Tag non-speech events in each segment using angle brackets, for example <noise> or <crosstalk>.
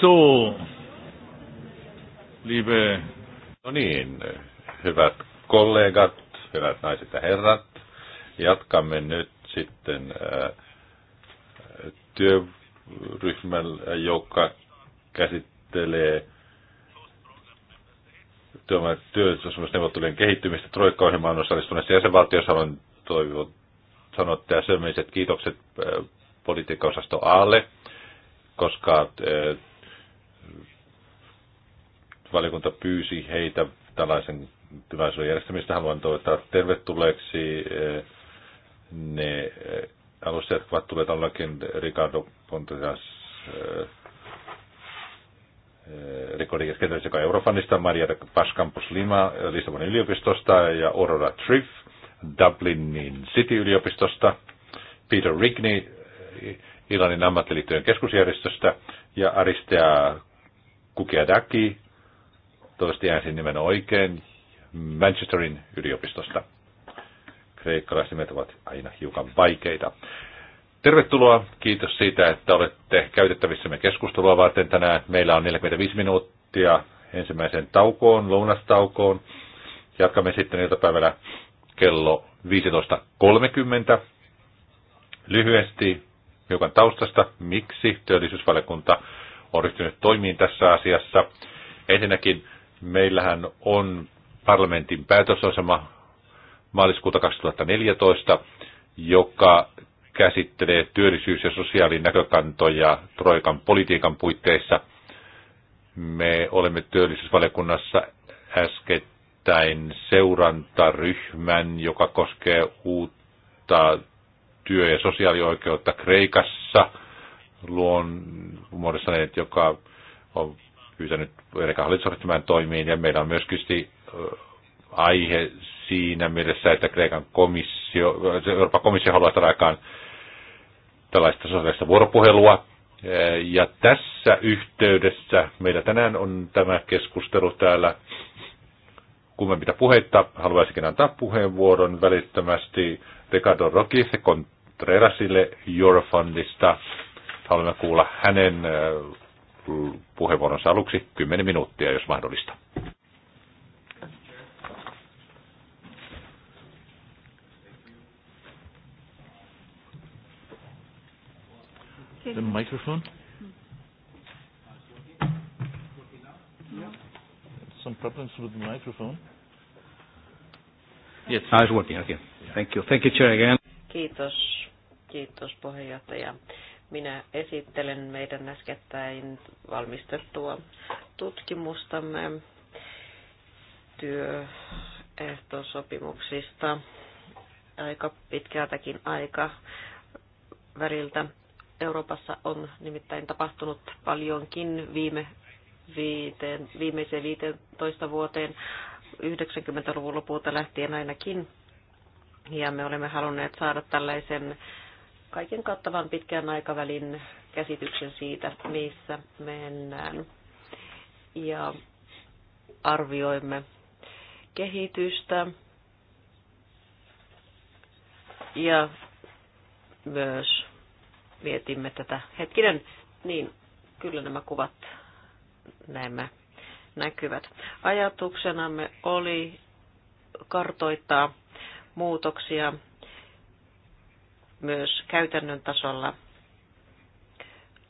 So, liebe, No niin, hyvät kollegat, hyvät naiset ja herrat, jatkamme nyt sitten äh, työryhmän, äh, joka käsittelee työsopimusneuvottelujen kehittymistä Troikka-ohjelmaan osallistuneessa jäsenvaltiossa. Haluan toivon sanoa sömmiset kiitokset äh, politiikkaosasto Aalle koska äh, valiokunta pyysi heitä tällaisen tilaisuuden järjestämistä. Haluan toivottaa tervetulleeksi äh, ne äh, alustajat, jotka ovat tulleet ollakin Ricardo Pontias rikodiikeskentäjä, joka on Eurofanista, Maria Pascampus Lima Lissabonin yliopistosta ja Aurora Triff Dublinin City-yliopistosta, Peter Rigney ilanin ammattiliittojen keskusjärjestöstä, ja Aristea Kukiadaki, toivottavasti äänsin nimen oikein, Manchesterin yliopistosta. Kreikkalaiset ovat aina hiukan vaikeita. Tervetuloa, kiitos siitä, että olette käytettävissämme keskustelua varten tänään. Meillä on 45 minuuttia ensimmäiseen taukoon, lounastaukoon. Jatkamme sitten iltapäivällä kello 15.30. Lyhyesti hiukan taustasta, miksi työllisyysvaliokunta on ryhtynyt toimiin tässä asiassa. Ensinnäkin meillähän on parlamentin päätösosama maaliskuuta 2014, joka käsittelee työllisyys- ja sosiaalinäkökantoja Troikan politiikan puitteissa. Me olemme työllisyysvaliokunnassa äskettäin seurantaryhmän, joka koskee uutta työ- ja sosiaalioikeutta Kreikassa luon muodostaneet, joka on pyytänyt Kreikan hallitusohjelman toimiin, ja meillä on myöskin aihe siinä mielessä, että Kreikan komissio, Euroopan komissio haluaa saada aikaan tällaista sosiaalista vuoropuhelua. Ja tässä yhteydessä meillä tänään on tämä keskustelu täällä kummempita puheita. Haluaisinkin antaa puheenvuoron välittömästi Ricardo Roquisekon Trerasille Eurofundista. Haluamme kuulla hänen puheenvuoronsa aluksi 10 minuuttia, jos mahdollista. The microphone? Some problems with the microphone? Yes. I was working. Okay. Thank you. Thank you, Chair, again. Kiitos Kiitos puheenjohtaja. Minä esittelen meidän äskettäin valmistettua tutkimustamme työehtosopimuksista aika pitkältäkin aika väriltä. Euroopassa on nimittäin tapahtunut paljonkin viime viiteen, viimeiseen 15 vuoteen 90-luvun lopulta lähtien ainakin. Ja me olemme halunneet saada tällaisen kaiken kattavan pitkän aikavälin käsityksen siitä, missä mennään. Ja arvioimme kehitystä ja myös mietimme tätä. Hetkinen, niin kyllä nämä kuvat näemme näkyvät. Ajatuksenamme oli kartoittaa muutoksia myös käytännön tasolla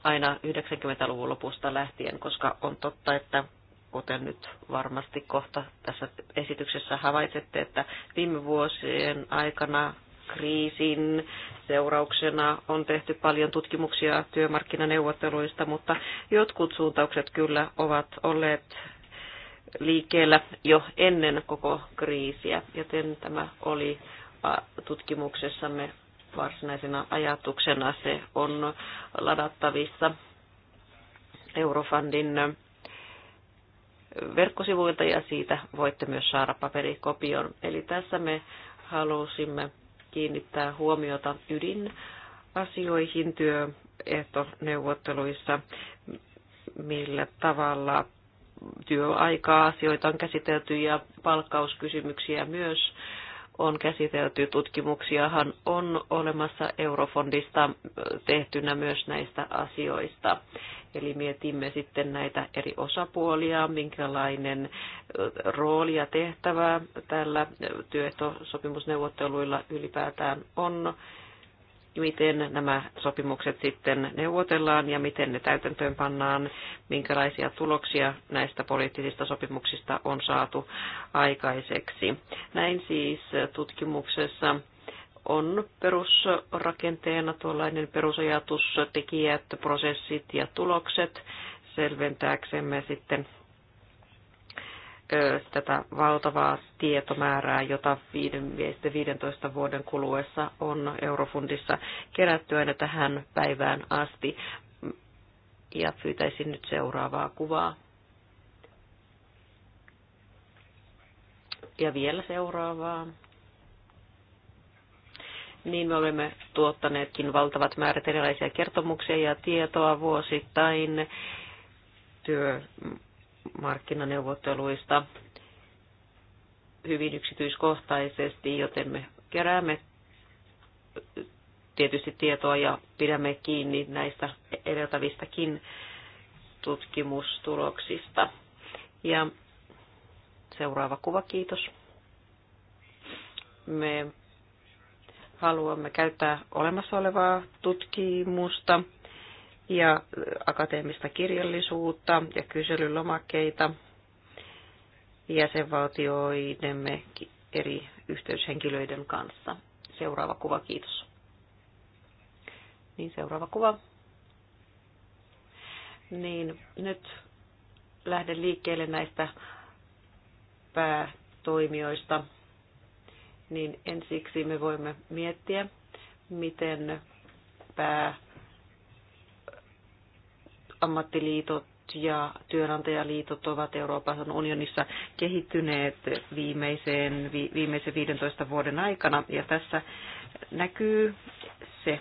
aina 90-luvun lopusta lähtien, koska on totta, että kuten nyt varmasti kohta tässä esityksessä havaitsette, että viime vuosien aikana kriisin seurauksena on tehty paljon tutkimuksia työmarkkinaneuvotteluista, mutta jotkut suuntaukset kyllä ovat olleet liikkeellä jo ennen koko kriisiä, joten tämä oli tutkimuksessamme varsinaisena ajatuksena se on ladattavissa Eurofundin eh, verkkosivuilta ja siitä voitte myös saada paperikopion. Eli tässä me halusimme kiinnittää huomiota ydinasioihin työehtoneuvotteluissa, millä tavalla työaikaa asioita on käsitelty ja palkkauskysymyksiä myös on käsitelty. Tutkimuksiahan on olemassa Eurofondista tehtynä myös näistä asioista. Eli mietimme sitten näitä eri osapuolia, minkälainen rooli ja tehtävä tällä työehtosopimusneuvotteluilla ylipäätään on miten nämä sopimukset sitten neuvotellaan ja miten ne täytäntöön pannaan, minkälaisia tuloksia näistä poliittisista sopimuksista on saatu aikaiseksi. Näin siis tutkimuksessa on perusrakenteena tuollainen perusajatus, tekijät, prosessit ja tulokset selventääksemme sitten tätä valtavaa tietomäärää, jota 15 vuoden kuluessa on Eurofundissa kerätty aina tähän päivään asti. Ja pyytäisin nyt seuraavaa kuvaa. Ja vielä seuraavaa niin me olemme tuottaneetkin valtavat määrät erilaisia kertomuksia ja tietoa vuosittain työ, markkinaneuvotteluista hyvin yksityiskohtaisesti, joten me keräämme tietysti tietoa ja pidämme kiinni näistä edeltävistäkin tutkimustuloksista. Ja seuraava kuva, kiitos. Me haluamme käyttää olemassa olevaa tutkimusta ja akateemista kirjallisuutta ja kyselylomakkeita jäsenvaltioidemme eri yhteyshenkilöiden kanssa. Seuraava kuva, kiitos. Niin, seuraava kuva. Niin, nyt lähden liikkeelle näistä päätoimijoista. Niin ensiksi me voimme miettiä, miten pää ammattiliitot ja työnantajaliitot ovat Euroopan unionissa kehittyneet viimeiseen, viimeisen 15 vuoden aikana. Ja tässä näkyy se,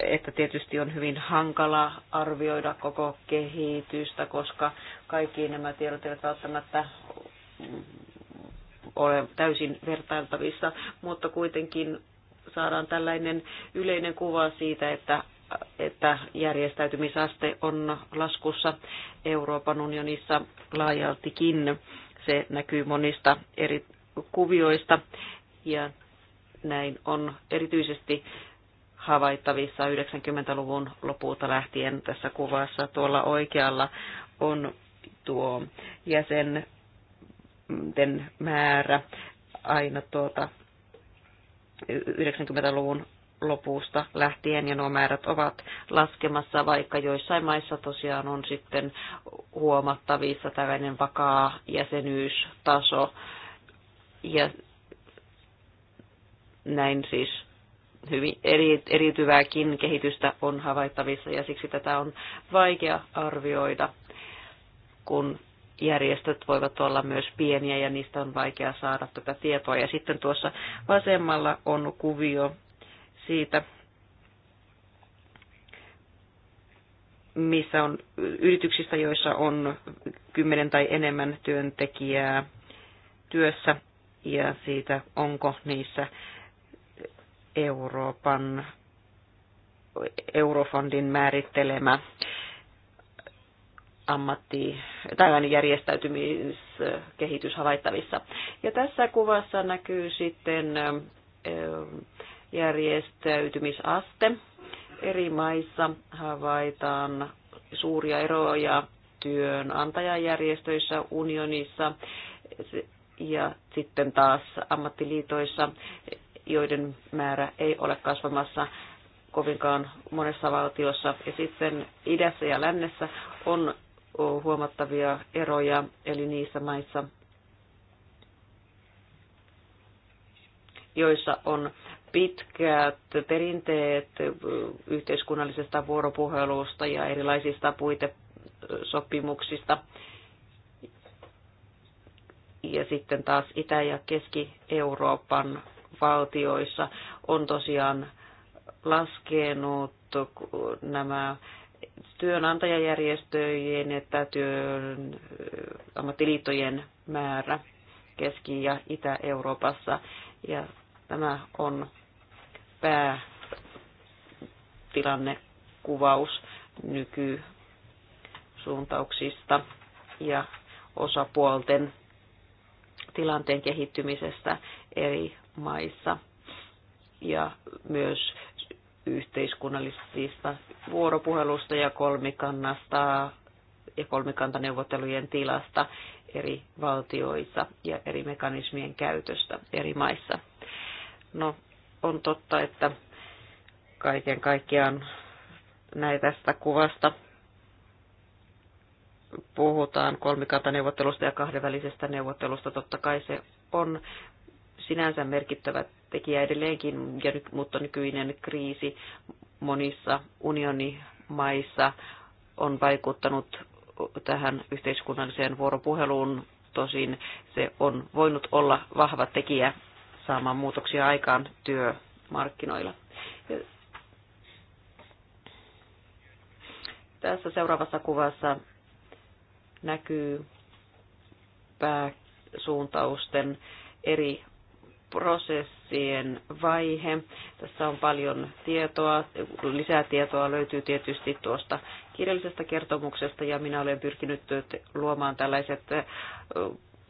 että tietysti on hyvin hankala arvioida koko kehitystä, koska kaikki nämä tiedot eivät välttämättä ole täysin vertailtavissa, mutta kuitenkin saadaan tällainen yleinen kuva siitä, että että järjestäytymisaste on laskussa Euroopan unionissa laajaltikin. Se näkyy monista eri kuvioista ja näin on erityisesti havaittavissa 90-luvun lopulta lähtien tässä kuvassa. Tuolla oikealla on tuo jäsenten määrä aina tuota 90-luvun lopusta lähtien ja nuo määrät ovat laskemassa, vaikka joissain maissa tosiaan on sitten huomattavissa tällainen vakaa jäsenyystaso. Ja näin siis hyvin eri, eriytyvääkin kehitystä on havaittavissa ja siksi tätä on vaikea arvioida, kun järjestöt voivat olla myös pieniä ja niistä on vaikea saada tätä tietoa. Ja sitten tuossa vasemmalla on kuvio siitä, missä on yrityksistä, joissa on kymmenen tai enemmän työntekijää työssä ja siitä, onko niissä Euroopan Eurofondin määrittelemä ammatti, tällainen järjestäytymiskehitys havaittavissa. Ja tässä kuvassa näkyy sitten järjestäytymisaste. Eri maissa havaitaan suuria eroja työnantajajärjestöissä unionissa ja sitten taas ammattiliitoissa, joiden määrä ei ole kasvamassa kovinkaan monessa valtiossa. Ja sitten idässä ja lännessä on huomattavia eroja, eli niissä maissa, joissa on pitkät perinteet yhteiskunnallisesta vuoropuhelusta ja erilaisista puitesopimuksista. Ja sitten taas Itä- ja Keski-Euroopan valtioissa on tosiaan laskenut nämä työnantajajärjestöjen että työn ammattiliittojen määrä Keski- ja Itä-Euroopassa. Ja tämä on päätilannekuvaus nykysuuntauksista ja osapuolten tilanteen kehittymisestä eri maissa ja myös yhteiskunnallisista vuoropuhelusta ja kolmikannasta ja kolmikantaneuvottelujen tilasta eri valtioissa ja eri mekanismien käytöstä eri maissa. No, on totta, että kaiken kaikkiaan näin tästä kuvasta puhutaan kolmikantaneuvottelusta ja kahdenvälisestä neuvottelusta. Totta kai se on sinänsä merkittävä tekijä edelleenkin, ja nyt, mutta nykyinen kriisi monissa unionimaissa on vaikuttanut tähän yhteiskunnalliseen vuoropuheluun. Tosin se on voinut olla vahva tekijä saamaan muutoksia aikaan työmarkkinoilla. Tässä seuraavassa kuvassa näkyy pääsuuntausten eri prosessien vaihe. Tässä on paljon tietoa, lisää tietoa löytyy tietysti tuosta kirjallisesta kertomuksesta ja minä olen pyrkinyt luomaan tällaiset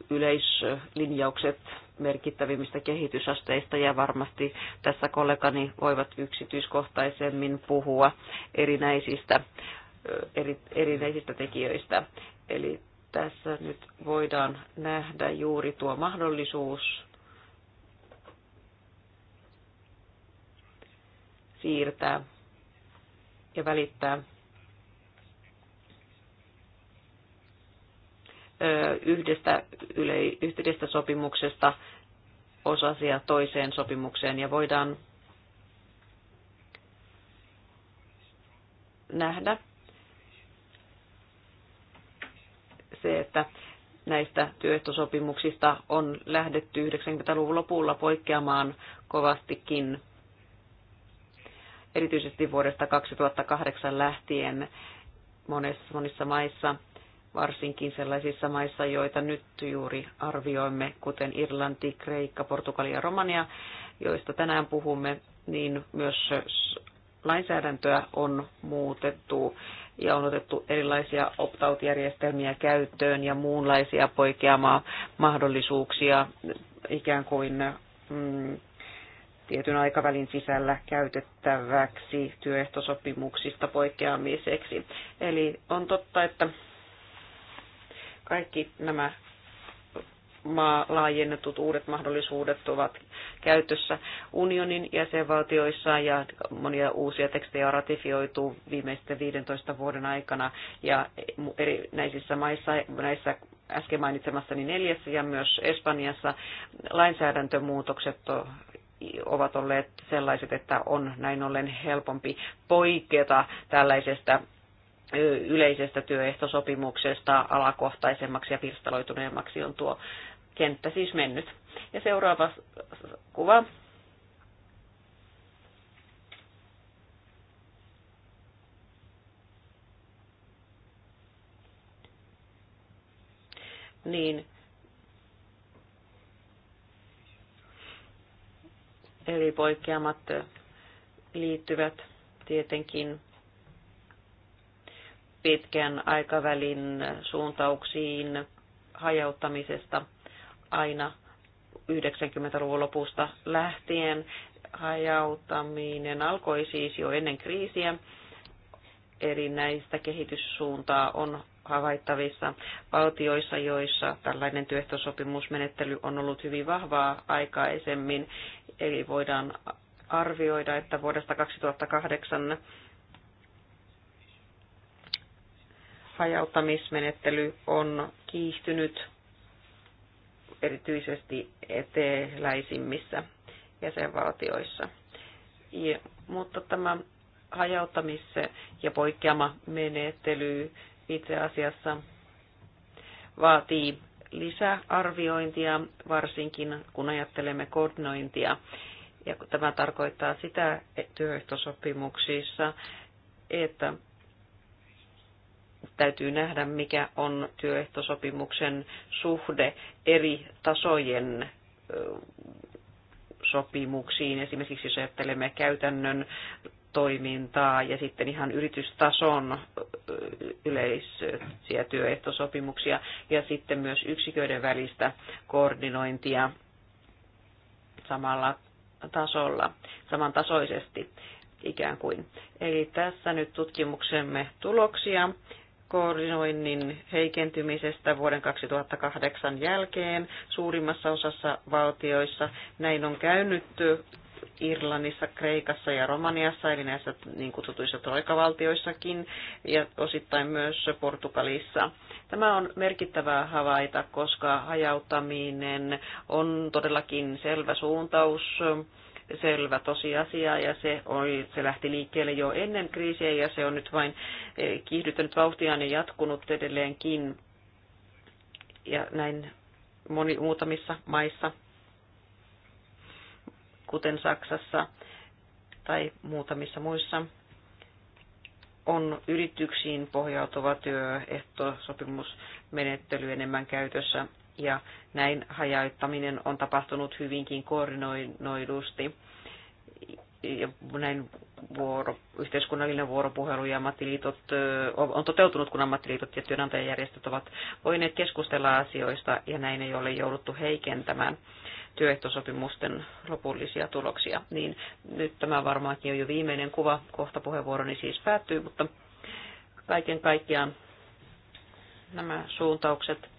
yleislinjaukset merkittävimmistä kehitysasteista ja varmasti tässä kollegani voivat yksityiskohtaisemmin puhua erinäisistä, eri, erinäisistä tekijöistä. Eli tässä nyt voidaan nähdä juuri tuo mahdollisuus siirtää ja välittää yhdestä, yle, yhdestä sopimuksesta osasia toiseen sopimukseen ja voidaan nähdä se, että näistä työehtosopimuksista on lähdetty 90-luvun lopulla poikkeamaan kovastikin, erityisesti vuodesta 2008 lähtien monissa, monissa maissa – varsinkin sellaisissa maissa, joita nyt juuri arvioimme, kuten Irlanti, Kreikka, Portugalia ja Romania, joista tänään puhumme, niin myös lainsäädäntöä on muutettu ja on otettu erilaisia opt-out-järjestelmiä käyttöön ja muunlaisia poikeamaa mahdollisuuksia ikään kuin mm, tietyn aikavälin sisällä käytettäväksi työehtosopimuksista poikkeamiseksi. Eli on totta, että kaikki nämä maa, laajennetut uudet mahdollisuudet ovat käytössä unionin jäsenvaltioissa ja monia uusia tekstejä on ratifioitu viimeisten 15 vuoden aikana ja eri näissä maissa, näissä äsken mainitsemassani neljässä ja myös Espanjassa lainsäädäntömuutokset ovat olleet sellaiset, että on näin ollen helpompi poiketa tällaisesta yleisestä työehtosopimuksesta alakohtaisemmaksi ja pirstaloituneemmaksi on tuo kenttä siis mennyt. Ja seuraava kuva. Niin. Eli poikkeamat liittyvät tietenkin pitkän aikavälin suuntauksiin hajauttamisesta aina 90-luvun lopusta lähtien. Hajauttaminen alkoi siis jo ennen kriisiä. Eli näistä kehityssuuntaa on havaittavissa valtioissa, joissa tällainen työehtosopimusmenettely on ollut hyvin vahvaa aikaisemmin. Eli voidaan arvioida, että vuodesta 2008 hajauttamismenettely on kiihtynyt erityisesti eteläisimmissä jäsenvaltioissa. Ja, mutta tämä hajauttamis- ja menettely itse asiassa vaatii lisäarviointia, varsinkin kun ajattelemme koordinointia. Ja tämä tarkoittaa sitä työehtosopimuksissa, että Täytyy nähdä, mikä on työehtosopimuksen suhde eri tasojen sopimuksiin. Esimerkiksi jos ajattelemme käytännön toimintaa ja sitten ihan yritystason yleisiä työehtosopimuksia ja sitten myös yksiköiden välistä koordinointia samalla tasolla, samantasoisesti ikään kuin. Eli tässä nyt tutkimuksemme tuloksia koordinoinnin heikentymisestä vuoden 2008 jälkeen suurimmassa osassa valtioissa. Näin on käynyt Irlannissa, Kreikassa ja Romaniassa, eli näissä niin kutsutuissa troikavaltioissakin ja osittain myös Portugalissa. Tämä on merkittävää havaita, koska hajauttaminen on todellakin selvä suuntaus selvä tosiasia ja se, oli, se lähti liikkeelle jo ennen kriisiä ja se on nyt vain eh, kiihdyttänyt vauhtiaan ja jatkunut edelleenkin. Ja näin moni, muutamissa maissa, kuten Saksassa tai muutamissa muissa, on yrityksiin pohjautuva työehtosopimusmenettely enemmän käytössä ja näin hajauttaminen on tapahtunut hyvinkin koordinoidusti. Ja näin vuoro, yhteiskunnallinen vuoropuhelu ja ammattiliitot on toteutunut, kun ammattiliitot ja työnantajajärjestöt ovat voineet keskustella asioista ja näin ei ole jouduttu heikentämään työehtosopimusten lopullisia tuloksia. Niin nyt tämä varmaankin on jo viimeinen kuva, kohta puheenvuoroni siis päättyy, mutta kaiken kaikkiaan nämä suuntaukset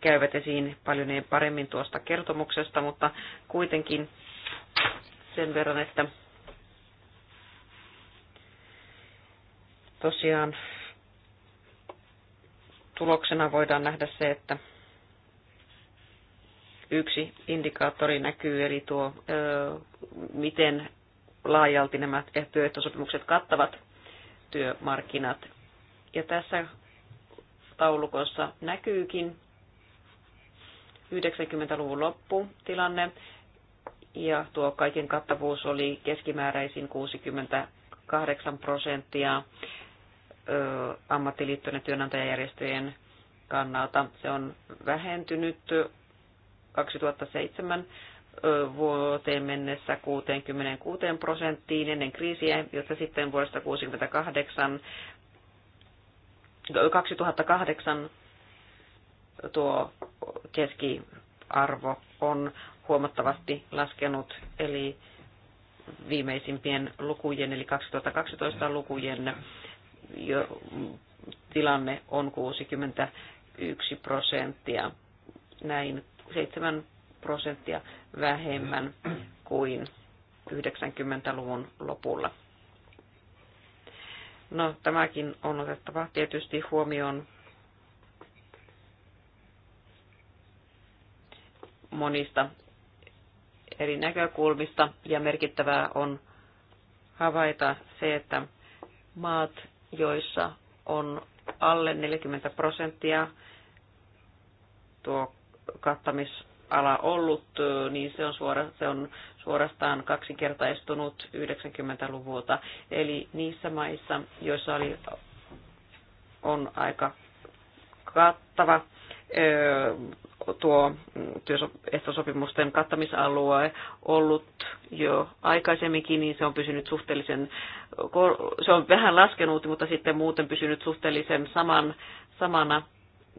käyvät esiin paljon paremmin tuosta kertomuksesta, mutta kuitenkin sen verran, että tosiaan tuloksena voidaan nähdä se, että yksi indikaattori näkyy, eli tuo, miten laajalti nämä työehtosopimukset kattavat työmarkkinat. Ja tässä taulukossa näkyykin. 90-luvun lopputilanne ja tuo kaiken kattavuus oli keskimääräisin 68 prosenttia ammattiliittojen työnantajajärjestöjen kannalta. Se on vähentynyt 2007 vuoteen mennessä 66 prosenttiin ennen kriisiä, jotta sitten vuodesta 68 2008 tuo keskiarvo on huomattavasti laskenut, eli viimeisimpien lukujen, eli 2012 lukujen jo, tilanne on 61 prosenttia, näin 7 prosenttia vähemmän kuin 90-luvun lopulla. No, tämäkin on otettava tietysti huomioon monista eri näkökulmista ja merkittävää on havaita se, että maat, joissa on alle 40 prosenttia tuo kattamisala ollut, niin se on suora, se on suorastaan kaksinkertaistunut 90-luvulta. Eli niissä maissa, joissa oli, on aika kattava tuo työehtosopimusten kattamisalue ollut jo aikaisemminkin, niin se on pysynyt suhteellisen, se on vähän laskenut, mutta sitten muuten pysynyt suhteellisen saman, samana.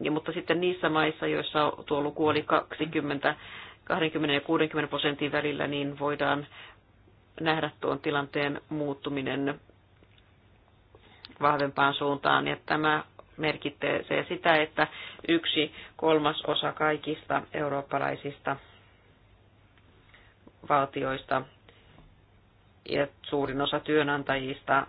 Ja, mutta sitten niissä maissa, joissa tuo luku oli 20 20 ja 60 prosentin välillä, niin voidaan nähdä tuon tilanteen muuttuminen vahvempaan suuntaan. Ja tämä merkitsee sitä, että yksi kolmas osa kaikista eurooppalaisista valtioista ja suurin osa työnantajista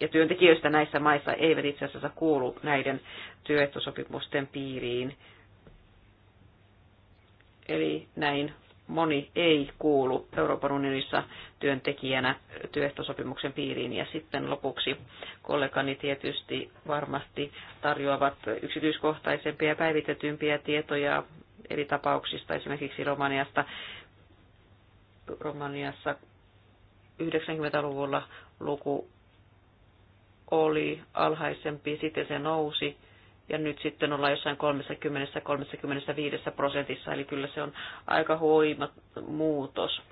ja työntekijöistä näissä maissa eivät itse asiassa kuulu näiden työehtosopimusten piiriin. Eli näin moni ei kuulu Euroopan unionissa työntekijänä työehtosopimuksen piiriin. Ja sitten lopuksi kollegani tietysti varmasti tarjoavat yksityiskohtaisempia ja päivitetympiä tietoja eri tapauksista, esimerkiksi Romaniasta. Romaniassa 90-luvulla luku oli alhaisempi, sitten se nousi ja nyt sitten ollaan jossain 30-35 prosentissa, eli kyllä se on aika huima muutos.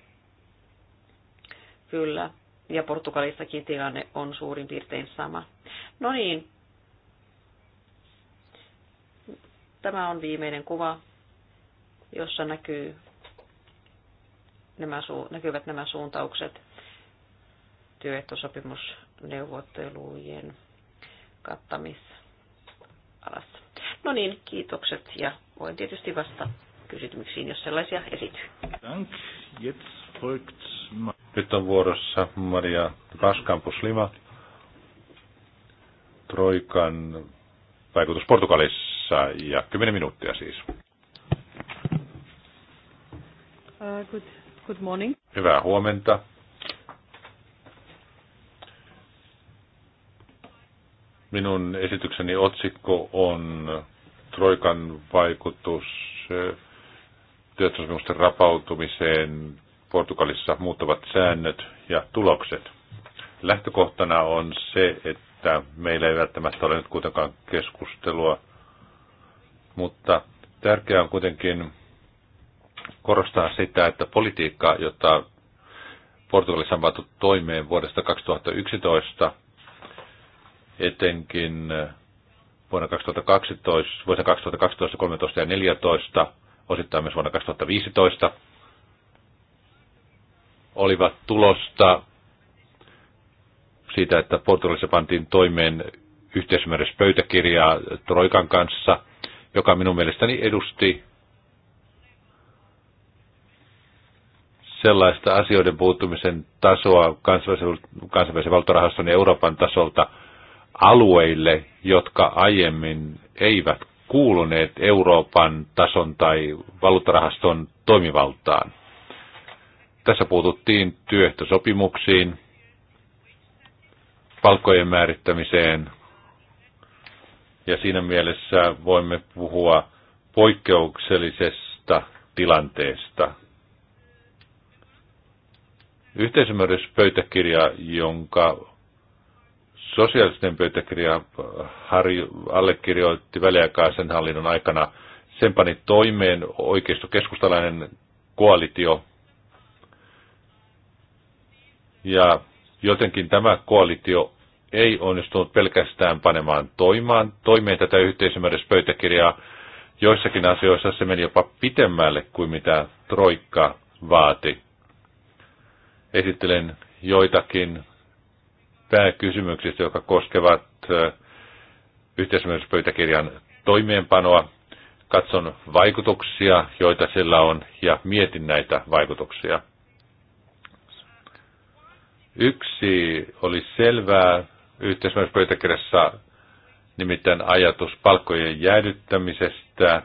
Kyllä, ja Portugalissakin tilanne on suurin piirtein sama. No niin, tämä on viimeinen kuva, jossa näkyy nämä, näkyvät nämä suuntaukset työehtosopimusneuvottelujen kattamis alas. No niin, kiitokset ja voin tietysti vastata kysymyksiin, jos sellaisia esityy. Dank. Jetzt Nyt on vuorossa Maria Kaskampus-Lima, Troikan vaikutus Portugalissa ja 10 minuuttia siis. Uh, good, good morning. Hyvää huomenta. Minun esitykseni otsikko on Troikan vaikutus työehtosopimusten rapautumiseen Portugalissa muuttavat säännöt ja tulokset. Lähtökohtana on se, että meillä ei välttämättä ole nyt kuitenkaan keskustelua, mutta tärkeää on kuitenkin korostaa sitä, että politiikka, jota Portugalissa on pantu toimeen vuodesta 2011, etenkin eh, vuonna 2012, vuosina 2012, 13 ja 14, osittain myös vuonna 2015, olivat tulosta siitä, että Portugalissa pantiin toimeen yhteisymmärryspöytäkirjaa Troikan kanssa, joka minun mielestäni edusti sellaista asioiden puuttumisen tasoa kansainvälisen, kansainvälisen valtorahaston ja Euroopan tasolta – alueille, jotka aiemmin eivät kuuluneet Euroopan tason tai valuuttarahaston toimivaltaan. Tässä puututtiin työehtosopimuksiin, palkkojen määrittämiseen, ja siinä mielessä voimme puhua poikkeuksellisesta tilanteesta. Yhteisymmärryspöytäkirja, jonka Sosiaalisten pöytäkirja allekirjoitti väliaikaisen hallinnon aikana. Sen pani toimeen oikeisto-keskustalainen koalitio. Ja jotenkin tämä koalitio ei onnistunut pelkästään panemaan toimaan, toimeen tätä yhteisymmärryspöytäkirjaa. Joissakin asioissa se meni jopa pitemmälle kuin mitä Troikka vaati. Esittelen joitakin pääkysymyksistä, jotka koskevat yhteismyöllisyyspöytäkirjan toimeenpanoa. Katson vaikutuksia, joita sillä on, ja mietin näitä vaikutuksia. Yksi oli selvää yhteismyöllisyyspöytäkirjassa, nimittäin ajatus palkkojen jäädyttämisestä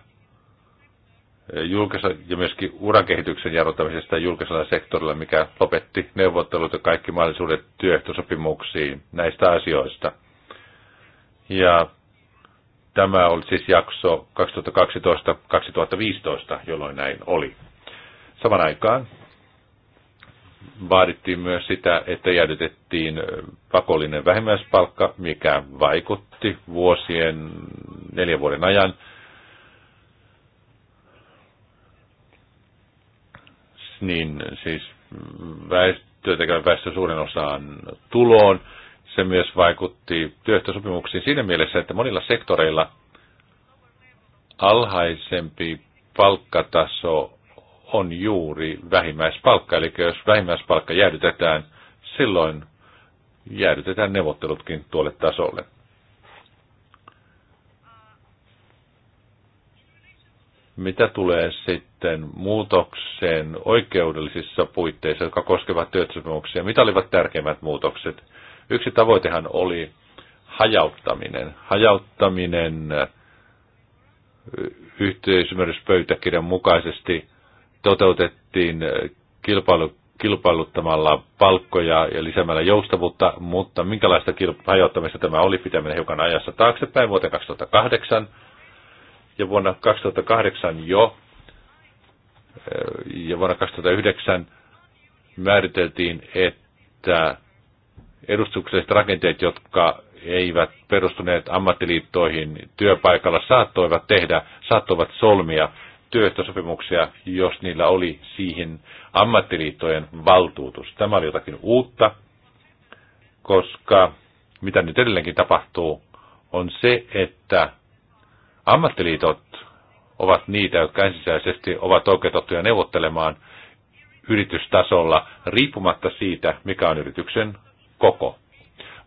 julkisen ja myöskin urakehityksen jarruttamisesta julkisella sektorilla, mikä lopetti neuvottelut ja kaikki mahdollisuudet työehtosopimuksiin näistä asioista. Ja tämä oli siis jakso 2012-2015, jolloin näin oli. Saman aikaan vaadittiin myös sitä, että jäädytettiin pakollinen vähimmäispalkka, mikä vaikutti vuosien, neljän vuoden ajan – niin siis väestö, väestö suurin osaan tuloon. Se myös vaikutti työehtosopimuksiin siinä mielessä, että monilla sektoreilla alhaisempi palkkataso on juuri vähimmäispalkka. Eli jos vähimmäispalkka jäädytetään, silloin jäädytetään neuvottelutkin tuolle tasolle. Mitä tulee sitten sitten muutokseen oikeudellisissa puitteissa, jotka koskevat työsopimuksia. Mitä olivat tärkeimmät muutokset? Yksi tavoitehan oli hajauttaminen. Hajauttaminen eh, yhteisymmärryspöytäkirjan mukaisesti toteutettiin eh, kilpailu, kilpailuttamalla palkkoja ja lisäämällä joustavuutta, mutta minkälaista hajauttamista tämä oli, pitäminen hiukan ajassa taaksepäin vuoteen 2008. Ja vuonna 2008 jo ja vuonna 2009 määriteltiin, että edustukselliset rakenteet, jotka eivät perustuneet ammattiliittoihin työpaikalla, saattoivat tehdä, saattoivat solmia työehtosopimuksia, jos niillä oli siihen ammattiliittojen valtuutus. Tämä oli jotakin uutta, koska mitä nyt edelleenkin tapahtuu, on se, että ammattiliitot ovat niitä, jotka ensisijaisesti ovat oikeutettuja neuvottelemaan yritystasolla riippumatta siitä, mikä on yrityksen koko.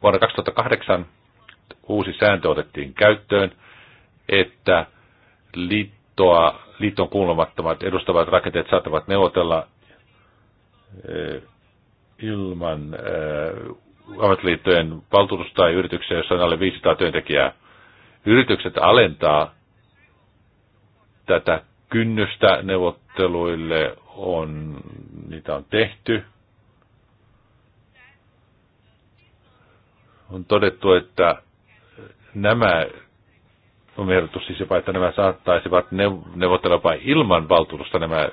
Vuonna 2008 uusi sääntö otettiin käyttöön, että liittoa, liiton kuulumattomat edustavat rakenteet saattavat neuvotella eh, ilman eh, ammattiliittojen valtuutusta tai yrityksiä, jossa on alle 500 työntekijää. Yritykset alentaa tätä kynnystä neuvotteluille on, niitä on tehty. On todettu, että nämä on ehdotus siis jopa, että nämä saattaisivat neuvotella jopa ilman valtuutusta nämä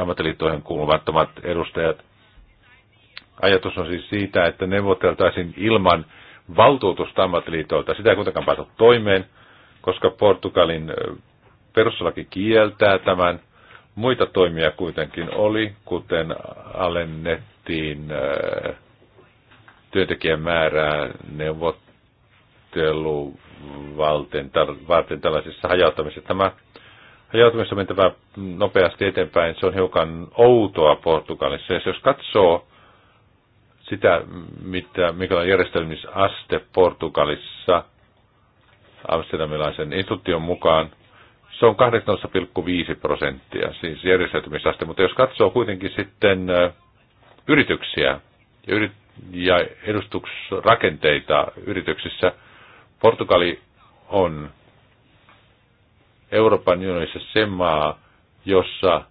ammattiliittoihin kuuluvattomat edustajat. Ajatus on siis siitä, että neuvoteltaisiin ilman valtuutusta ammattiliitoilta. Sitä ei kuitenkaan päästä toimeen, koska Portugalin Perustuslaki kieltää tämän. Muita toimia kuitenkin oli, kuten alennettiin äh, työntekijän määrää neuvotteluvalten varten tällaisissa hajauttamisissa. Tämä hajautumista mentävä nopeasti eteenpäin. Se on hiukan outoa Portugalissa. jos katsoo sitä, mitä, mikä on järjestelmisaste Portugalissa Amsterdamilaisen instituution mukaan, se on 18,5 prosenttia, siis järjestäytymisaste. Mutta jos katsoo kuitenkin sitten yrityksiä ja, yrit- ja edustusrakenteita yrityksissä, Portugali on Euroopan unionissa se maa, jossa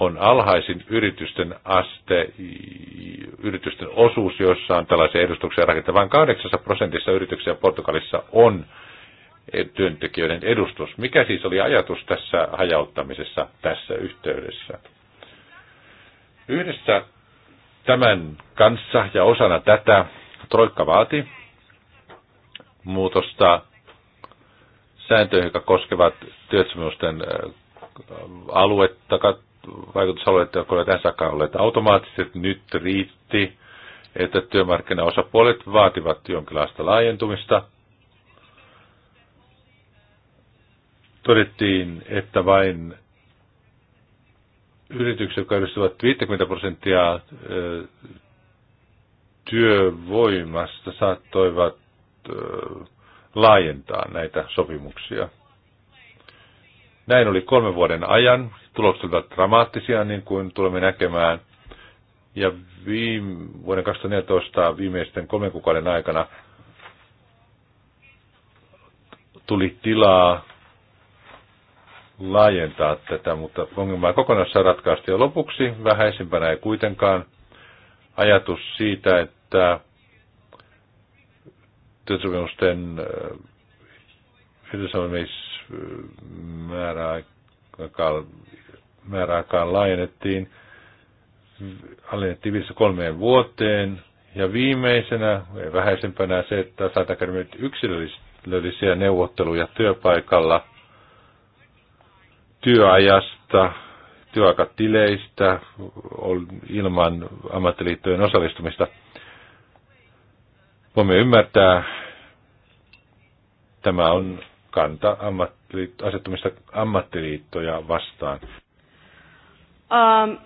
on alhaisin yritysten aste, yritysten osuus, joissa on tällaisia edustuksia rakentaa. Vain 8 prosentissa yrityksiä Portugalissa on työntekijöiden edustus. Mikä siis oli ajatus tässä hajauttamisessa tässä yhteydessä? Yhdessä tämän kanssa ja osana tätä Troikka vaati muutosta sääntöihin, jotka koskevat työttömyysten aluetta, vaikutusalueet, jotka olivat tässä saakka olleet automaattiset, nyt riitti, että työmarkkinaosapuolet vaativat jonkinlaista laajentumista. Todettiin, että vain yritykset, jotka edustavat 50 prosenttia työvoimasta, saattoivat laajentaa näitä sopimuksia. Näin oli kolmen vuoden ajan. Tulokset olivat dramaattisia, niin kuin tulemme näkemään. Ja viime, vuoden 2014 viimeisten kolmen kuukauden aikana tuli tilaa laajentaa tätä, mutta ongelmaa kokonaisessa ratkaista. Ja lopuksi vähäisimpänä ei kuitenkaan ajatus siitä, että työsopimusten äh, määräaikaan, laajennettiin, alennettiin 53 vuoteen. Ja viimeisenä, vähäisempänä se, että saataanko nyt yksilöllisiä neuvotteluja työpaikalla työajasta, työaikatileistä ilman ammattiliittojen osallistumista. Voimme ymmärtää, tämä on kanta ammattiliitto, asettumista ammattiliittoja vastaan? Um,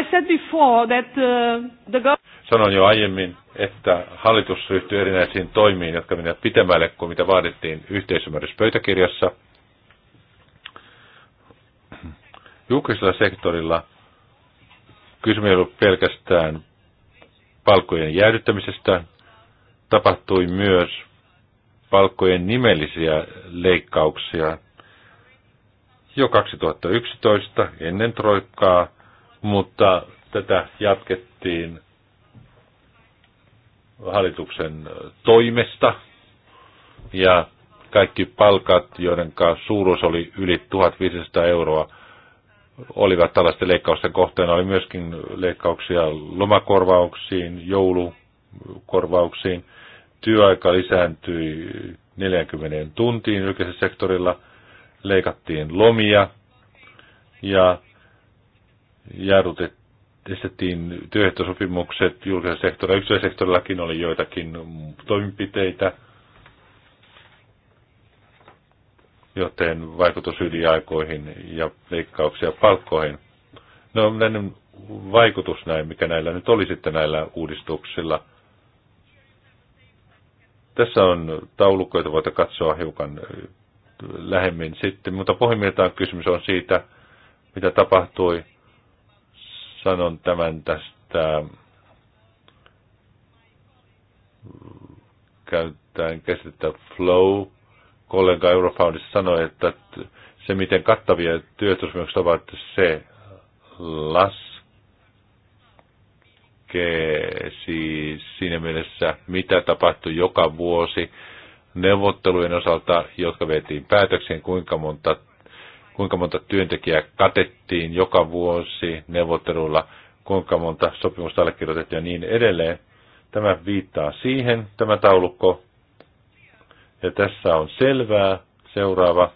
I said before that uh, the Sanoin jo aiemmin, että hallitus ryhtyi erinäisiin toimiin, jotka menivät pitemmälle kuin mitä vaadittiin yhteisymmärryspöytäkirjassa. Julkisella sektorilla kysymys ei ollut pelkästään palkkojen jäädyttämisestä, tapahtui myös palkkojen nimellisiä leikkauksia jo 2011 ennen troikkaa, mutta tätä jatkettiin hallituksen toimesta ja kaikki palkat, joiden suuruus oli yli 1500 euroa, olivat tällaisten leikkausten kohteena. Oli myöskin leikkauksia lomakorvauksiin, joulukorvauksiin – työaika lisääntyi 40 tuntiin julkisella sektorilla, leikattiin lomia ja estettiin työehtosopimukset julkisella sektorilla. Yksityisellä sektorillakin oli joitakin toimenpiteitä, joten vaikutus yliaikoihin ja leikkauksia palkkoihin. No vaikutus näin, mikä näillä nyt oli sitten näillä uudistuksilla – tässä on taulukko, jota voitte katsoa hiukan äh, lähemmin sitten, mutta pohjimmiltaan kysymys on siitä, mitä tapahtui. Sanon tämän tästä käyttäen käsitettä flow. Kollega Eurofoundissa sanoi, että se miten kattavia työehtosopimukset ovat, se las koskee siis siinä mielessä, mitä tapahtui joka vuosi neuvottelujen osalta, jotka vietiin päätökseen, kuinka monta, kuinka monta työntekijää katettiin joka vuosi neuvotteluilla, kuinka monta sopimusta allekirjoitettiin ja niin edelleen. Tämä viittaa siihen, tämä taulukko. Ja tässä on selvää. Seuraava.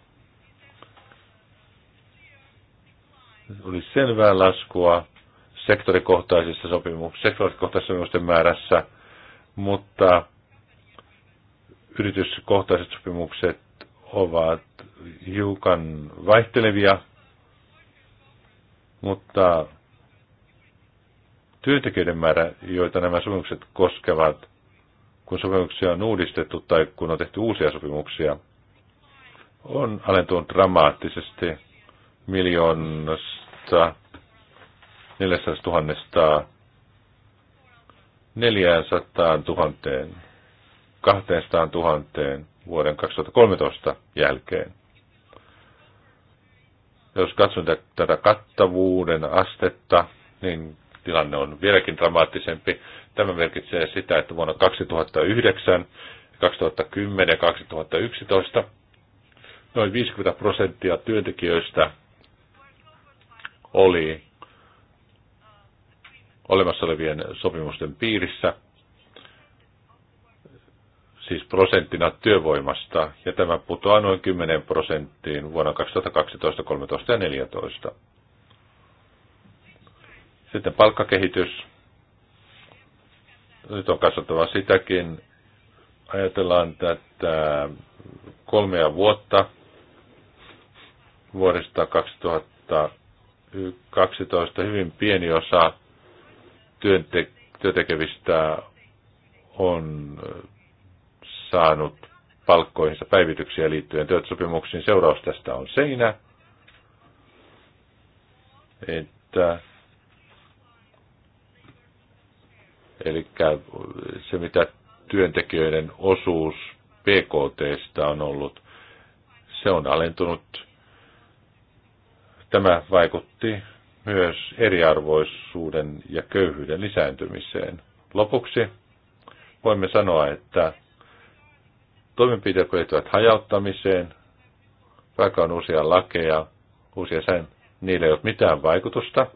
Oli selvää laskua sektorikohtaisissa sopimuksissa, sektorikohtaisissa sopimusten määrässä, mutta yrityskohtaiset sopimukset ovat hiukan vaihtelevia, mutta työntekijöiden määrä, joita nämä sopimukset koskevat, kun sopimuksia on uudistettu tai kun on tehty uusia sopimuksia, on alentunut dramaattisesti miljoonasta 400 000 400 000 200 000 vuoden 2013 jälkeen. Jos katson tätä kattavuuden astetta, niin tilanne on vieläkin dramaattisempi. Tämä merkitsee sitä, että vuonna 2009, 2010 ja 2011 noin 50 prosenttia työntekijöistä oli olemassa olevien sopimusten piirissä, siis prosenttina työvoimasta, ja tämä putoaa noin 10 prosenttiin vuonna 2012, 13 ja 2014. Sitten palkkakehitys. Nyt on katsottava sitäkin. Ajatellaan tätä kolmea vuotta vuodesta 2012 hyvin pieni osa työnte- työtekevistä on äh, saanut palkkoihinsa päivityksiä liittyen työsopimuksiin. Seuraus tästä on seinä, että eli se mitä työntekijöiden osuus PKTstä on ollut, se on alentunut. Tämä vaikutti myös eriarvoisuuden ja köyhyyden lisääntymiseen. Lopuksi voimme sanoa, että toimenpiteet liittyvät hajauttamiseen, vaikka on uusia lakeja, uusia sen, niillä ei ole mitään vaikutusta.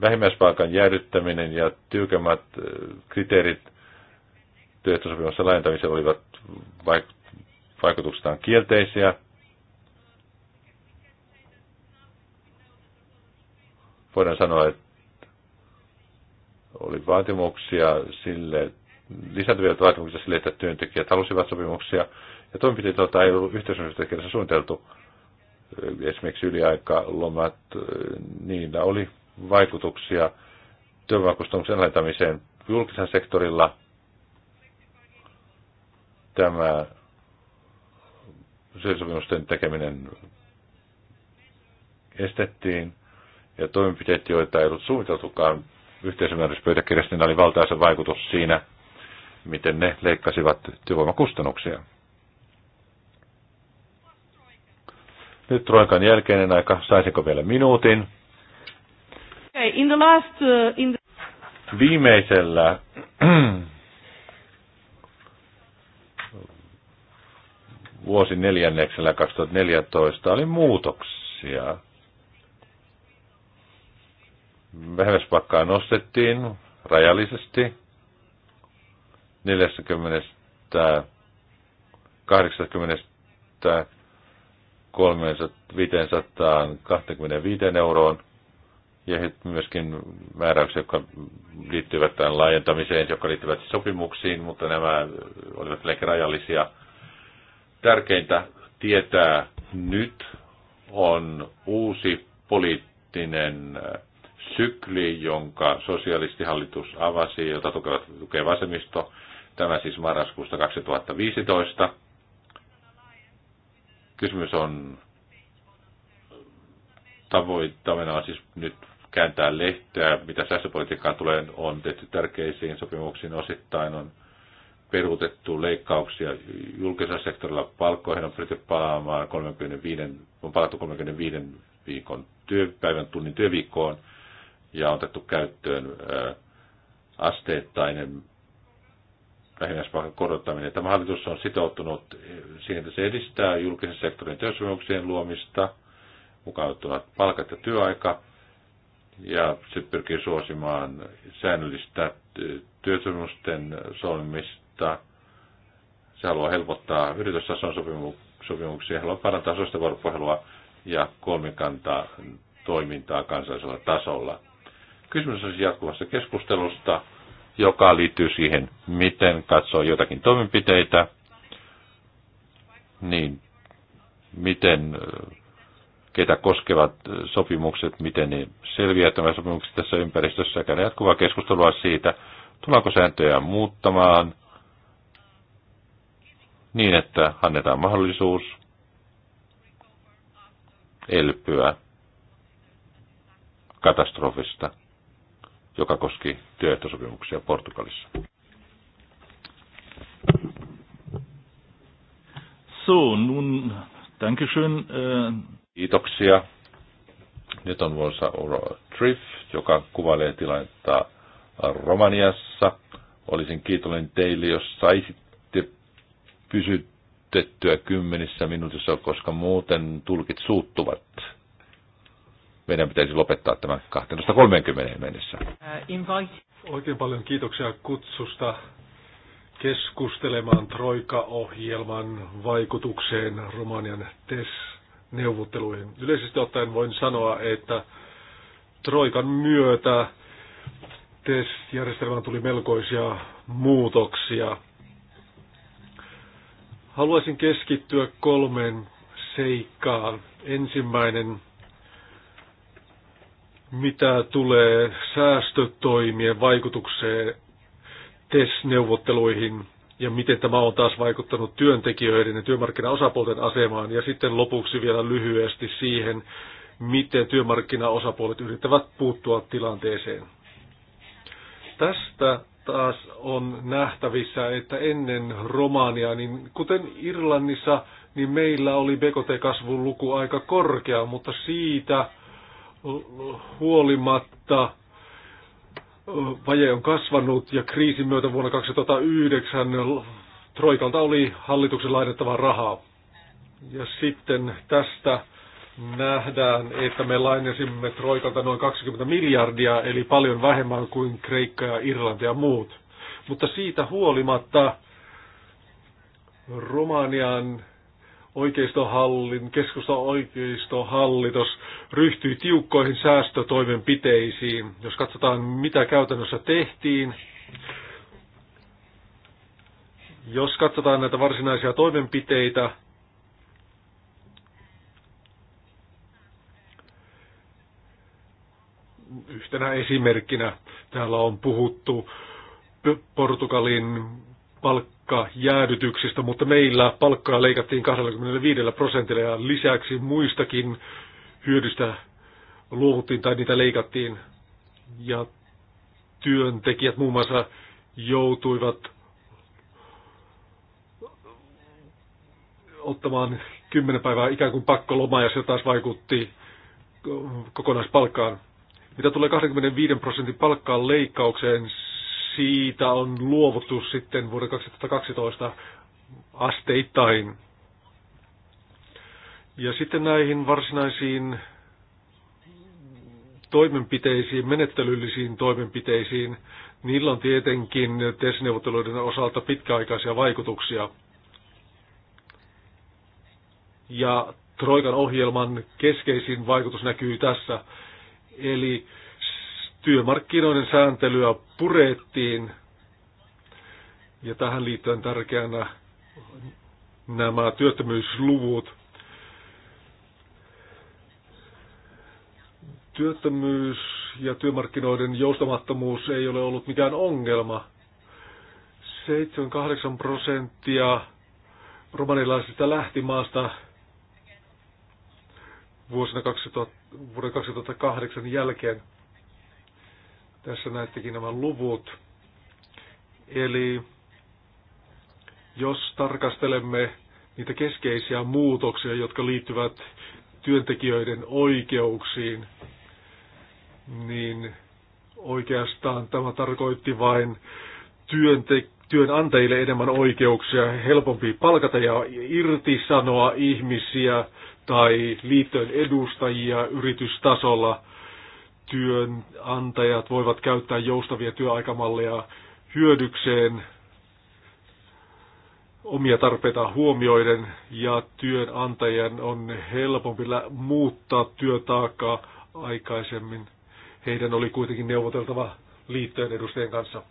Vähimmäispalkan jäädyttäminen ja tiukemmat kriteerit työehtosopimuksen laajentamiselle olivat vaikutuksestaan kielteisiä. voidaan sanoa, että oli vaatimuksia sille, lisääntyviä vaatimuksia sille, että työntekijät halusivat sopimuksia, ja toimenpiteitä, tuota, ei ollut yhteisössä suunniteltu, esimerkiksi yliaikalomat, niillä oli vaikutuksia työvoimakustannuksen alentamiseen julkisen sektorilla. Tämä sopimusten tekeminen estettiin ja toimenpiteet, joita ei ollut suunniteltukaan yhteisymmärryspöytäkirjasta, niin oli valtaisen vaikutus siinä, miten ne leikkasivat työvoimakustannuksia. Nyt Troikan jälkeinen aika, saisinko vielä minuutin? Okay, in the last, uh, in the... Viimeisellä <clears throat> neljänneksellä 2014 oli muutoksia vähemmäispakkaa nostettiin rajallisesti 40 80 325 euroon ja myöskin määräyksiä, jotka liittyvät tämän laajentamiseen, jotka liittyvät sopimuksiin, mutta nämä olivat ehkä rajallisia. Tärkeintä tietää nyt on uusi poliittinen sykli, jonka sosialistihallitus avasi, jota tukevat, tukee vasemmisto. Tämä siis marraskuusta 2015. Kysymys on tavoitteena on siis nyt kääntää lehteä, mitä säästöpolitiikkaan tulee, on tehty tärkeisiin sopimuksiin osittain, on peruutettu leikkauksia julkisella sektorilla palkkoihin, on pyritty palaamaan 35, on palattu 35 viikon työpäivän tunnin työviikkoon, ja on otettu käyttöön asteittainen vähimmäispalkan korottaminen. Tämä hallitus on sitoutunut siihen, että se edistää julkisen sektorin työsopimuksien luomista, mukaan palkat ja työaika, ja se pyrkii suosimaan säännöllistä työsopimusten solmista. Se haluaa helpottaa yritystason sopimuksia, haluaa parantaa sosiaalista vuoropuhelua ja kolmikantaa toimintaa kansallisella tasolla. Kysymys on jatkuvasta keskustelusta, joka liittyy siihen, miten katsoo jotakin toimenpiteitä, niin miten ketä koskevat sopimukset, miten ne selviävät tämä sopimukset tässä ympäristössä. Käydään jatkuvaa keskustelua siitä, tullaanko sääntöjä muuttamaan niin, että annetaan mahdollisuus elpyä katastrofista joka koski työehtosopimuksia Portugalissa. So, nun, dankeschön. Äh, Kiitoksia. Nyt on vuorossa Triff, joka kuvailee tilannetta Romaniassa. Olisin kiitollinen teille, jos saisitte pysyttettyä kymmenissä minuutissa, koska muuten tulkit suuttuvat meidän pitäisi lopettaa tämä 12.30 mennessä. Uh, Oikein paljon kiitoksia kutsusta keskustelemaan Troika-ohjelman vaikutukseen Romanian TES-neuvotteluihin. Yleisesti ottaen voin sanoa, että Troikan myötä TES-järjestelmään tuli melkoisia muutoksia. Haluaisin keskittyä kolmeen seikkaan. Ensimmäinen mitä tulee säästötoimien vaikutukseen TES-neuvotteluihin ja miten tämä on taas vaikuttanut työntekijöiden ja työmarkkinaosapuolten asemaan. Ja sitten lopuksi vielä lyhyesti siihen, miten työmarkkinaosapuolet yrittävät puuttua tilanteeseen. Tästä taas on nähtävissä, että ennen Romaniaa, niin kuten Irlannissa, niin meillä oli BKT-kasvun luku aika korkea, mutta siitä huolimatta vaje on kasvanut ja kriisin myötä vuonna 2009 Troikalta oli hallituksen lainattava rahaa. Ja sitten tästä nähdään, että me lainasimme Troikalta noin 20 miljardia, eli paljon vähemmän kuin Kreikka ja Irlanti ja muut. Mutta siitä huolimatta Romanian oikeistohallin, keskusta oikeistohallitus ryhtyi tiukkoihin säästötoimenpiteisiin. Jos katsotaan, mitä käytännössä tehtiin, jos katsotaan näitä varsinaisia toimenpiteitä, yhtenä esimerkkinä täällä on puhuttu Portugalin palkka palkkajäädytyksistä, mutta meillä palkkaa leikattiin 25 prosentilla ja lisäksi muistakin hyödystä luovuttiin tai niitä leikattiin. Ja työntekijät muun muassa joutuivat ottamaan kymmenen päivää ikään kuin pakkolomaa ja se taas vaikutti kokonaispalkkaan. Mitä tulee 25 prosentin palkkaan leikkaukseen, siitä on luovuttu sitten vuoden 2012 asteittain. Ja sitten näihin varsinaisiin toimenpiteisiin, menettelyllisiin toimenpiteisiin, niillä on tietenkin TES-neuvotteluiden osalta pitkäaikaisia vaikutuksia. Ja Troikan ohjelman keskeisin vaikutus näkyy tässä. Eli työmarkkinoiden sääntelyä purettiin ja tähän liittyen tärkeänä nämä työttömyysluvut. Työttömyys ja työmarkkinoiden joustamattomuus ei ole ollut mikään ongelma. 7-8 prosenttia romanilaisista lähti maasta vuosina 2000, vuoden 2008 jälkeen. Tässä näettekin nämä luvut. Eli jos tarkastelemme niitä keskeisiä muutoksia, jotka liittyvät työntekijöiden oikeuksiin, niin oikeastaan tämä tarkoitti vain työnte- työnantajille enemmän oikeuksia, helpompi palkata ja irtisanoa ihmisiä tai liittojen edustajia yritystasolla – työnantajat voivat käyttää joustavia työaikamalleja hyödykseen omia tarpeita huomioiden ja työnantajien on helpompi muuttaa työtaakkaa aikaisemmin. Heidän oli kuitenkin neuvoteltava liittojen edustajien kanssa.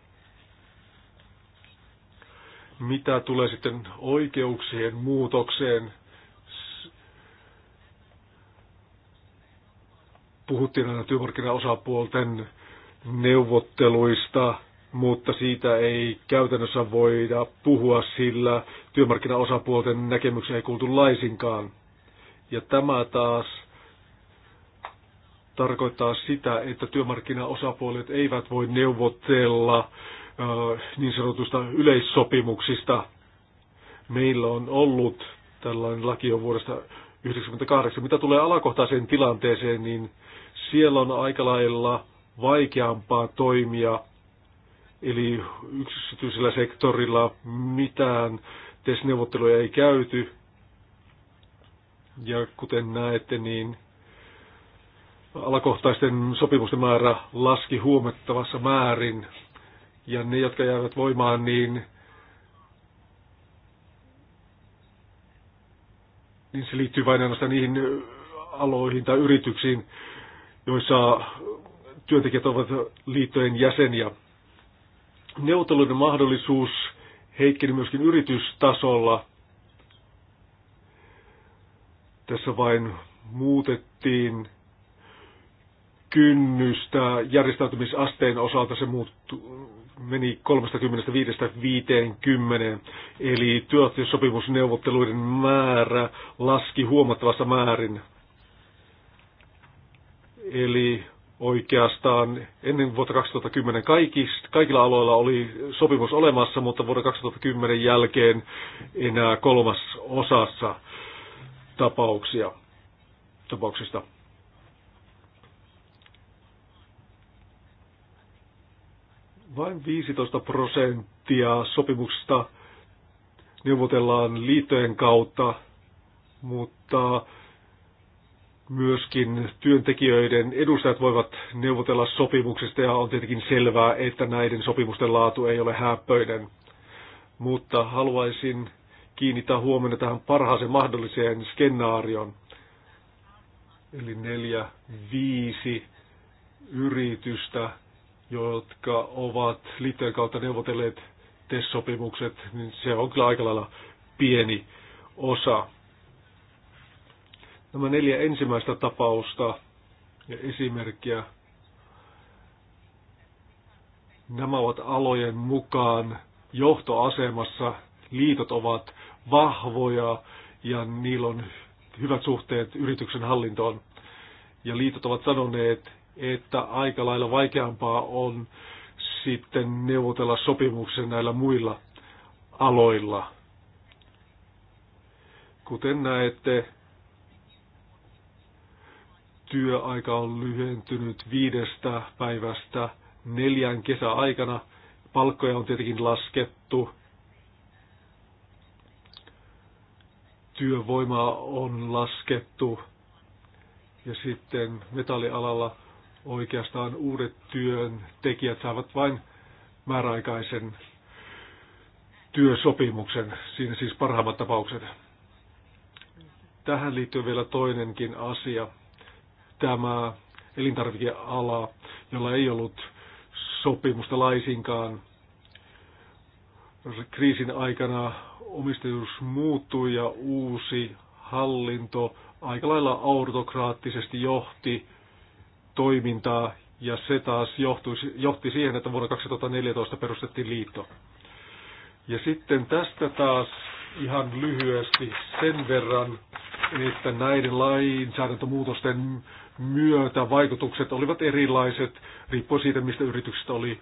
Mitä tulee sitten oikeuksien muutokseen, puhuttiin aina työmarkkinaosapuolten neuvotteluista, mutta siitä ei käytännössä voida puhua, sillä työmarkkinaosapuolten näkemyksiä ei kuultu laisinkaan. Ja tämä taas tarkoittaa sitä, että työmarkkinaosapuolet eivät voi neuvotella niin sanotusta yleissopimuksista. Meillä on ollut tällainen laki jo vuodesta 1998. Mitä tulee alakohtaiseen tilanteeseen, niin siellä on aika lailla vaikeampaa toimia, eli yksityisellä sektorilla mitään TES-neuvotteluja ei käyty. Ja kuten näette, niin alakohtaisten sopimusten määrä laski huomattavassa määrin. Ja ne, jotka jäävät voimaan, niin, niin se liittyy vain ainoastaan niihin aloihin tai yrityksiin, joissa työntekijät ovat liittojen jäseniä. Neuvotteluiden mahdollisuus heikkeni myöskin yritystasolla. Tässä vain muutettiin kynnystä järjestäytymisasteen osalta se muuttu, meni 35-50, eli työehtosopimusneuvotteluiden määrä laski huomattavassa määrin Eli oikeastaan ennen vuotta 2010 kaikista, kaikilla aloilla oli sopimus olemassa, mutta vuoden 2010 jälkeen enää kolmas osassa tapauksia, tapauksista. Vain 15 prosenttia sopimuksista neuvotellaan liittojen kautta, mutta myöskin työntekijöiden edustajat voivat neuvotella sopimuksista ja on tietenkin selvää, että näiden sopimusten laatu ei ole häppöinen. Mutta haluaisin kiinnittää huomenna tähän parhaaseen mahdolliseen skenaarioon. Eli neljä, viisi yritystä, jotka ovat liittojen kautta neuvotelleet TES-sopimukset, niin se on kyllä aika lailla pieni osa Nämä neljä ensimmäistä tapausta ja esimerkkiä, nämä ovat alojen mukaan johtoasemassa, liitot ovat vahvoja ja niillä on hyvät suhteet yrityksen hallintoon. Ja liitot ovat sanoneet, että aika lailla vaikeampaa on sitten neuvotella sopimuksen näillä muilla aloilla. Kuten näette, työaika on lyhentynyt viidestä päivästä neljän kesäaikana. Palkkoja on tietenkin laskettu. Työvoimaa on laskettu. Ja sitten metallialalla oikeastaan uudet työntekijät saavat vain määräaikaisen työsopimuksen, siinä siis parhaimmat tapaukset. Tähän liittyy vielä toinenkin asia – tämä elintarvikeala, jolla ei ollut sopimusta laisinkaan. Kriisin aikana omistajuus muuttui ja uusi hallinto aika lailla autokraattisesti johti toimintaa ja se taas johtui, johti siihen, että vuonna 2014 perustettiin liitto. Ja sitten tästä taas ihan lyhyesti sen verran, että näiden lainsäädäntömuutosten myötä vaikutukset olivat erilaiset, riippuen siitä, mistä yrityksestä oli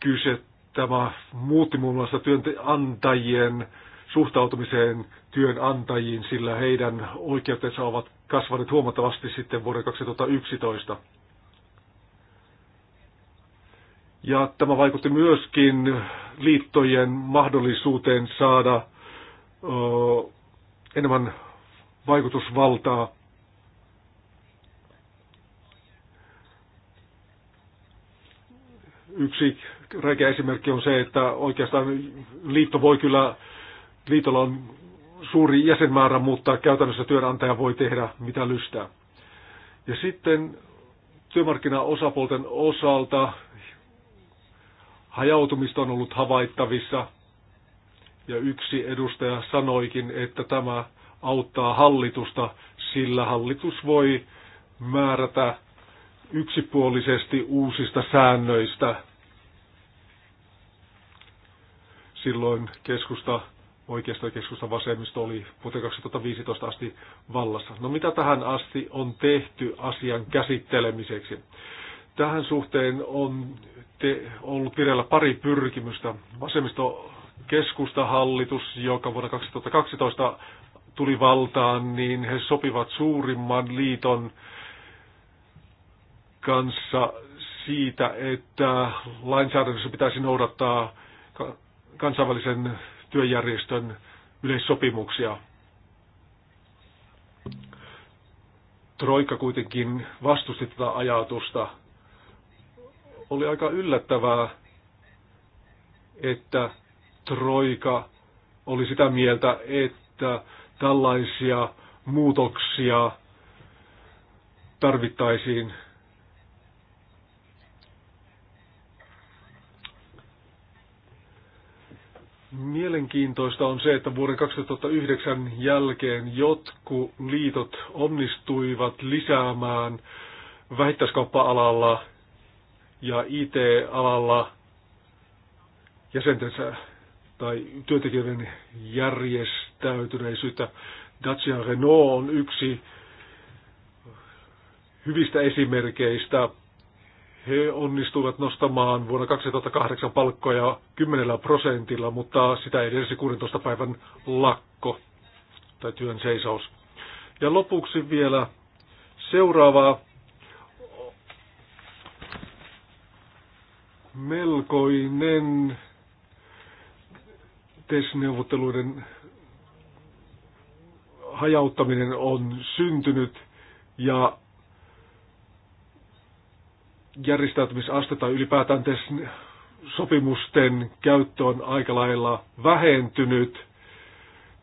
kyse. Tämä muutti muun muassa työnantajien suhtautumiseen työnantajiin, sillä heidän oikeutensa ovat kasvaneet huomattavasti sitten vuoden 2011. Ja tämä vaikutti myöskin liittojen mahdollisuuteen saada ö, enemmän vaikutusvaltaa. Yksi räikeä esimerkki on se, että oikeastaan liitto voi kyllä, liitolla on suuri jäsenmäärä, mutta käytännössä työnantaja voi tehdä mitä lystää. Ja sitten työmarkkinaosapuolten osalta hajautumista on ollut havaittavissa. Ja yksi edustaja sanoikin, että tämä auttaa hallitusta, sillä hallitus voi määrätä yksipuolisesti uusista säännöistä. Silloin keskusta, oikeisto keskusta vasemmisto oli vuoteen 2015 asti vallassa. No mitä tähän asti on tehty asian käsittelemiseksi? Tähän suhteen on te, ollut vireillä pari pyrkimystä. Vasemmisto keskustahallitus, joka vuonna 2012 tuli valtaan, niin he sopivat suurimman liiton kanssa siitä, että lainsäädännössä pitäisi noudattaa kansainvälisen työjärjestön yleissopimuksia. Troika kuitenkin vastusti tätä ajatusta. Oli aika yllättävää, että Troika oli sitä mieltä, että tällaisia muutoksia tarvittaisiin. Mielenkiintoista on se, että vuoden 2009 jälkeen jotkut liitot onnistuivat lisäämään vähittäiskauppa-alalla ja IT-alalla jäsentensä tai työntekijöiden järjestelmää käyttäytyneisyyttä. Dacia Renault on yksi hyvistä esimerkkeistä, He onnistuivat nostamaan vuonna 2008 palkkoja 10 prosentilla, mutta sitä edelsi 16 päivän lakko tai työn seisaus. Ja lopuksi vielä seuraava Melkoinen TES-neuvotteluiden hajauttaminen on syntynyt ja järjestäytymisaste tai ylipäätään sopimusten käyttö on aika lailla vähentynyt.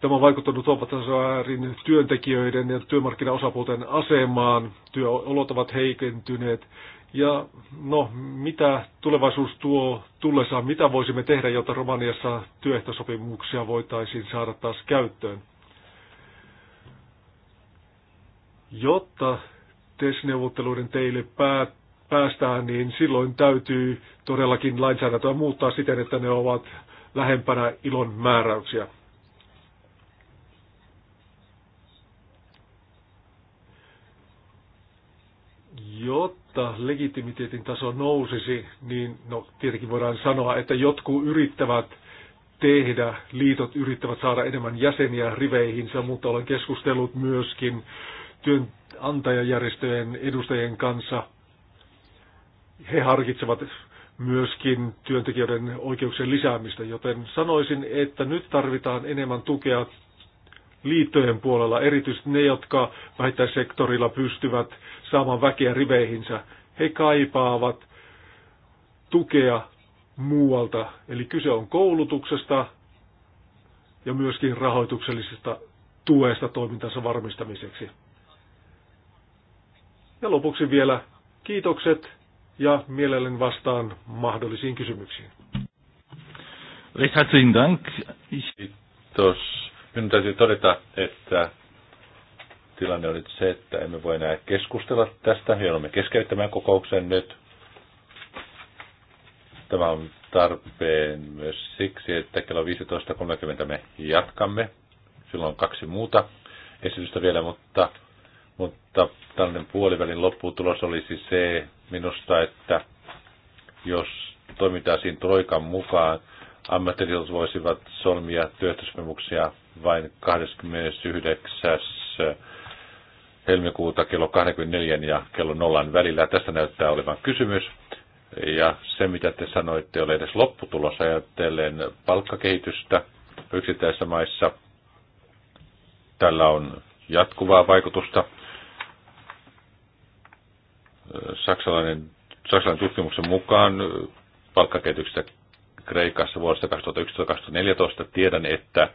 Tämä on vaikuttanut huomattavasti työntekijöiden ja työmarkkinaosapuolten asemaan. Työolot ovat heikentyneet. Ja no, mitä tulevaisuus tuo tullessaan? Mitä voisimme tehdä, jotta Romaniassa työehtosopimuksia voitaisiin saada taas käyttöön? Jotta TES-neuvotteluiden teille päät, päästään, niin silloin täytyy todellakin lainsäädäntöä muuttaa siten, että ne ovat lähempänä ilon määräyksiä. Jotta legitimiteetin taso nousisi, niin no, tietenkin voidaan sanoa, että jotkut yrittävät tehdä, liitot yrittävät saada enemmän jäseniä riveihinsä, mutta olen keskustellut myöskin äh, työnantajajärjestöjen edustajien kanssa. He harkitsevat myöskin työntekijöiden oikeuksien lisäämistä, joten sanoisin, että nyt tarvitaan enemmän tukea liittojen puolella, erityisesti ne, jotka vähittäissektorilla pystyvät saamaan väkeä riveihinsä. He kaipaavat tukea muualta, eli kyse on koulutuksesta ja myöskin rahoituksellisesta tuesta toimintansa varmistamiseksi. Ja lopuksi vielä kiitokset ja mielelläni vastaan mahdollisiin kysymyksiin. herzlichen Dank. Kiitos. Minun täytyy todeta, että tilanne on se, että emme voi enää keskustella tästä. Joudumme keskeyttämään kokouksen nyt. Tämä on tarpeen myös siksi, että kello 15.30 me jatkamme. Silloin on kaksi muuta esitystä vielä, mutta mutta tällainen puolivälin lopputulos olisi se minusta, että jos toimitaisiin Troikan mukaan, ammattilaiset voisivat solmia työehtosopimuksia vain 29. helmikuuta kello 24 ja kello 0 välillä. Tästä näyttää olevan kysymys. Ja se, mitä te sanoitte, oli edes lopputulos ajatellen palkkakehitystä yksittäisissä maissa. Tällä on jatkuvaa vaikutusta Saksalainen, saksalainen tutkimuksen mukaan palkkakehityksestä Kreikassa vuodesta 2011-2014 tiedän, että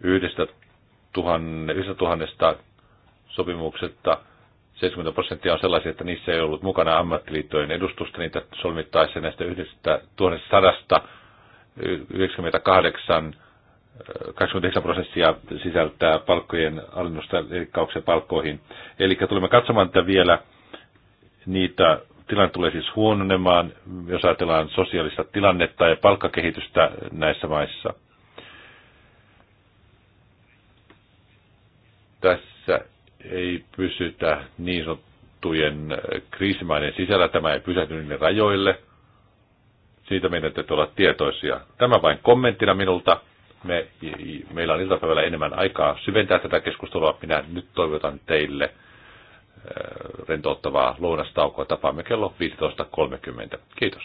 yhdestä, tuhannesta sopimuksesta 70 prosenttia on sellaisia, että niissä ei ollut mukana ammattiliittojen edustusta, niitä solmittaisiin näistä yhdestä tuhannesta sadasta 98 29 prosenttia sisältää palkkojen alennusta leikkauksen palkkoihin. Eli tulemme katsomaan tätä vielä niitä tilanne tulee siis huononemaan, jos ajatellaan sosiaalista tilannetta ja palkkakehitystä näissä maissa. Tässä ei pysytä niin sanottujen kriisimaiden sisällä, tämä ei pysähdy niille rajoille. Siitä meidän täytyy olla tietoisia. Tämä vain kommenttina minulta. Me, meillä on iltapäivällä enemmän aikaa syventää tätä keskustelua. Minä nyt toivotan teille – rentouttavaa lounastaukoa. Tapaamme kello 15.30. Kiitos.